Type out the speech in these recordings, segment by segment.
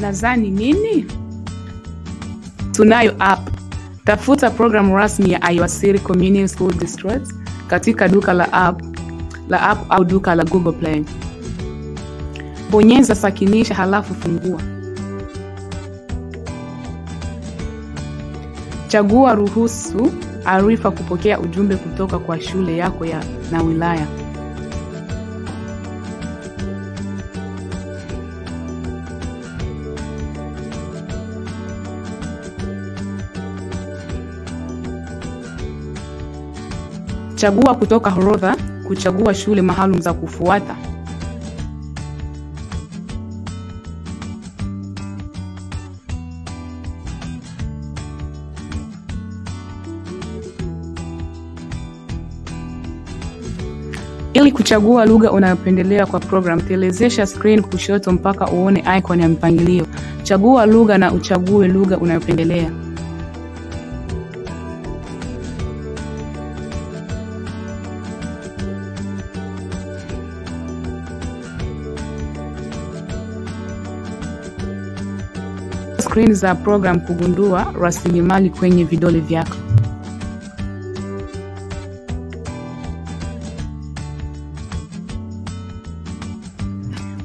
Nadhani nini? Tunayo app. Tafuta programu rasmi ya iWasili Community School District katika duka la app, la app au duka la Google Play. Bonyeza sakinisha halafu fungua. Chagua ruhusu arifa kupokea ujumbe kutoka kwa shule yako ya na wilaya. Chagua kutoka orodha kuchagua shule maalum za kufuata. Ili kuchagua lugha unayopendelea kwa program telezesha screen kushoto mpaka uone icon ya mpangilio. Chagua lugha na uchague lugha unayopendelea. skrini za program kugundua rasilimali kwenye vidole vyako.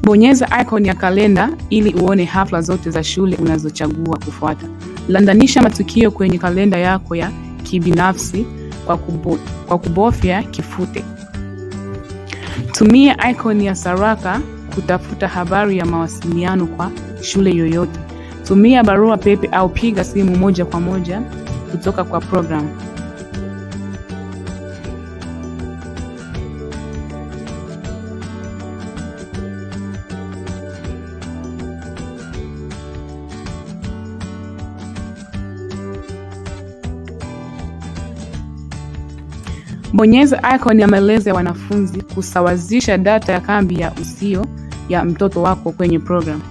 Bonyeza icon ya kalenda ili uone hafla zote za shule unazochagua kufuata. Landanisha matukio kwenye kalenda yako ya kibinafsi kwa, kubo, kwa kubofya kifute. Tumia icon ya saraka kutafuta habari ya mawasiliano kwa shule yoyote. Tumia barua pepe au piga simu moja kwa moja kutoka kwa program Bonyeza icon ya maelezo ya wanafunzi kusawazisha data ya kambi ya usio ya mtoto wako kwenye programu.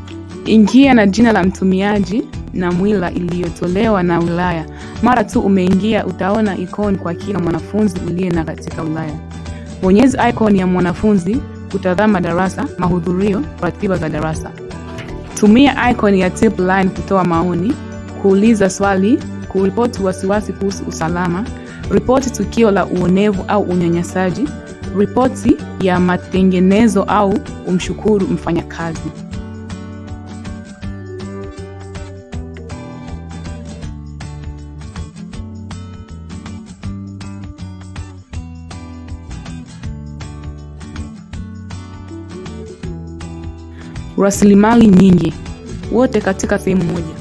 Ingia na jina la mtumiaji na mwila iliyotolewa na Ulaya. Mara tu umeingia utaona ikoni kwa kila mwanafunzi uliye na katika Ulaya. Bonyeza ikoni ya mwanafunzi kutazama darasa, mahudhurio, ratiba za darasa. Tumia ikoni ya tip line kutoa maoni, kuuliza swali, kuripoti wasiwasi kuhusu usalama, ripoti tukio la uonevu au unyanyasaji, ripoti ya matengenezo au umshukuru mfanyakazi. rasilimali nyingi wote katika sehemu moja.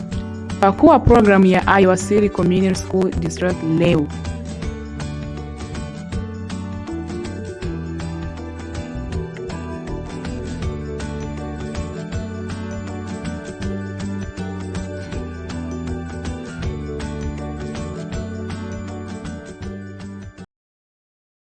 Pakua programu ya City Community School District leo.